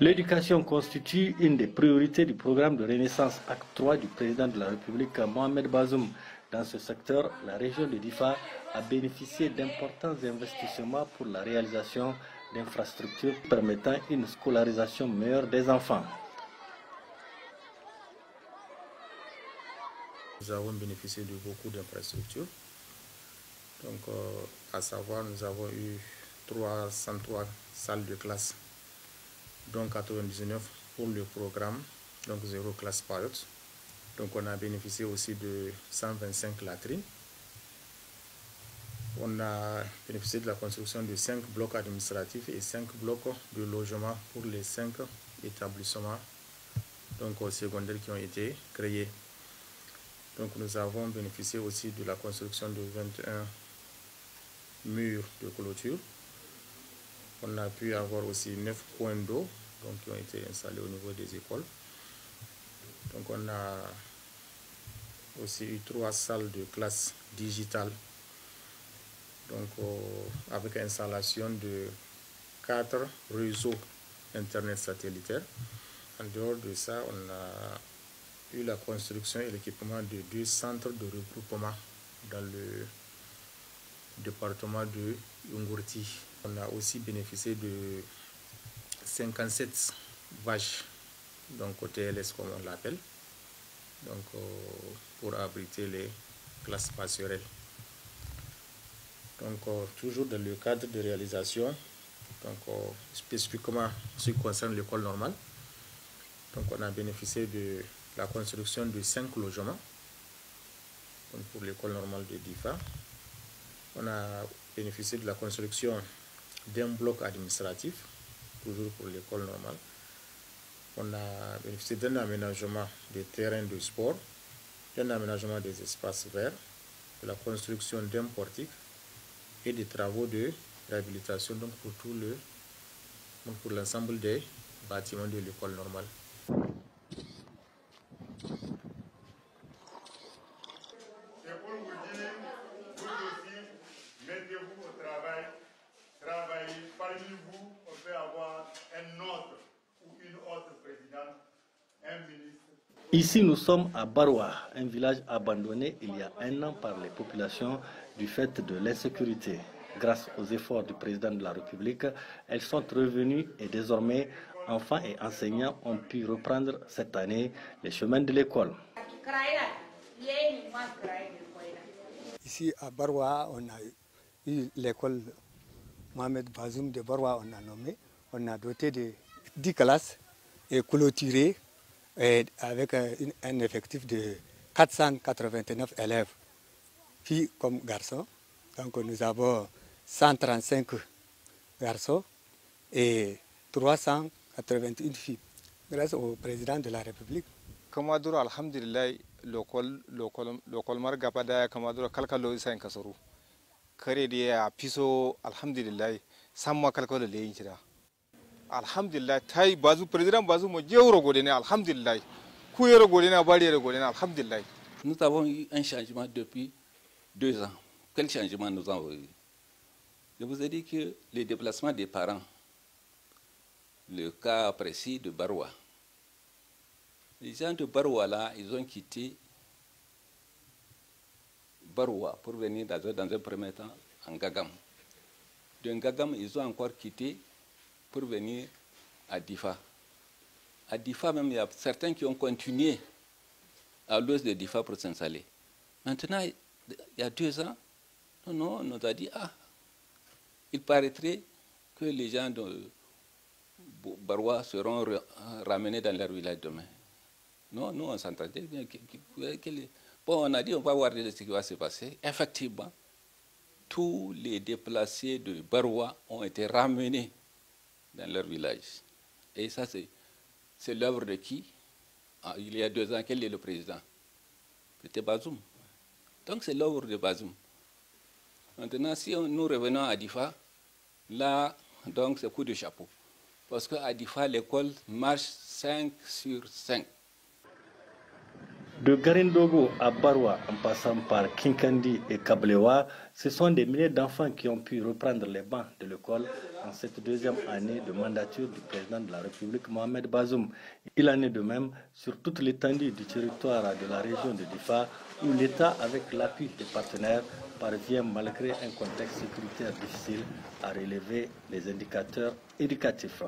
L'éducation constitue une des priorités du programme de Renaissance Acte 3 du président de la République Mohamed Bazoum. Dans ce secteur, la région de Difa a bénéficié d'importants investissements pour la réalisation d'infrastructures permettant une scolarisation meilleure des enfants. Nous avons bénéficié de beaucoup d'infrastructures. Donc, euh, à savoir, nous avons eu 303 salles de classe dont 99 pour le programme, donc zéro classe pilot Donc on a bénéficié aussi de 125 latrines. On a bénéficié de la construction de 5 blocs administratifs et 5 blocs de logement pour les 5 établissements donc secondaires qui ont été créés. Donc nous avons bénéficié aussi de la construction de 21 murs de clôture. On a pu avoir aussi 9 points d'eau qui ont été installés au niveau des écoles. Donc on a aussi eu trois salles de classe digitales donc euh, avec installation de quatre réseaux Internet satellitaires En dehors de ça, on a eu la construction et l'équipement de deux centres de regroupement dans le département de Yungurti. On a aussi bénéficié de 57 vaches, donc côté' TLS comme on l'appelle, euh, pour abriter les classes pastorelles. Donc euh, toujours dans le cadre de réalisation, donc euh, spécifiquement ce qui concerne l'école normale, donc on a bénéficié de la construction de 5 logements pour l'école normale de DIFA. On a bénéficié de la construction d'un bloc administratif toujours pour l'école normale. On a bénéficié d'un aménagement des terrains de sport, d'un aménagement des espaces verts, de la construction d'un portique et des travaux de réhabilitation donc pour tout le pour l'ensemble des bâtiments de l'école normale. Ici, nous sommes à Barwa, un village abandonné il y a un an par les populations du fait de l'insécurité. Grâce aux efforts du président de la République, elles sont revenues et désormais, enfants et enseignants ont pu reprendre cette année les chemins de l'école. Ici à Barwa, on a eu l'école Mohamed Bazoum de Barwa, on a nommé. On a doté de 10 classes et clôturé et avec un, un, effectif de 489 élèves, filles comme garçons. Donc nous avons 135 garçons et 381 filles, grâce au président de la République. kama duro alhamdulillah lokol lokol lokol mar gaba daya kama duro kalkalo isa in kasoro kare da ya fiso alhamdulillah samma kalkalo da yin nous avons eu un changement depuis deux ans quel changement nous avons eu je vous ai dit que les déplacements des parents le cas précis de Baroua les gens de Baroua là ils ont quitté Baroua pour venir dans un, premier temps en Gagam. De Gagam, ils ont encore quitté pour venir à Difa. À Difa même, il y a certains qui ont continué à l'ouest de Difa pour s'installer. Maintenant, il y a deux ans, non, non, on nous a dit, ah, il paraîtrait que les gens de Barois seront ramenés dans leur village demain. Non, nous, on s'entendait Bon, on a dit, on va voir ce qui va se passer. Effectivement, tous les déplacés de Barois ont été ramenés dans leur village. Et ça, c'est l'œuvre de qui ah, Il y a deux ans, quel est le président C'était Bazoum. Donc c'est l'œuvre de Bazoum. Maintenant, si nous revenons à Difa, là, donc c'est coup de chapeau. Parce qu'à Difa, l'école marche 5 sur 5. De Garindogo à Barwa, en passant par Kinkandi et Kablewa, ce sont des milliers d'enfants qui ont pu reprendre les bancs de l'école en cette deuxième année de mandature du président de la République, Mohamed Bazoum. Il en est de même sur toute l'étendue du territoire de la région de Difa, où l'État, avec l'appui des partenaires, parvient, malgré un contexte sécuritaire difficile, à relever les indicateurs éducatifs.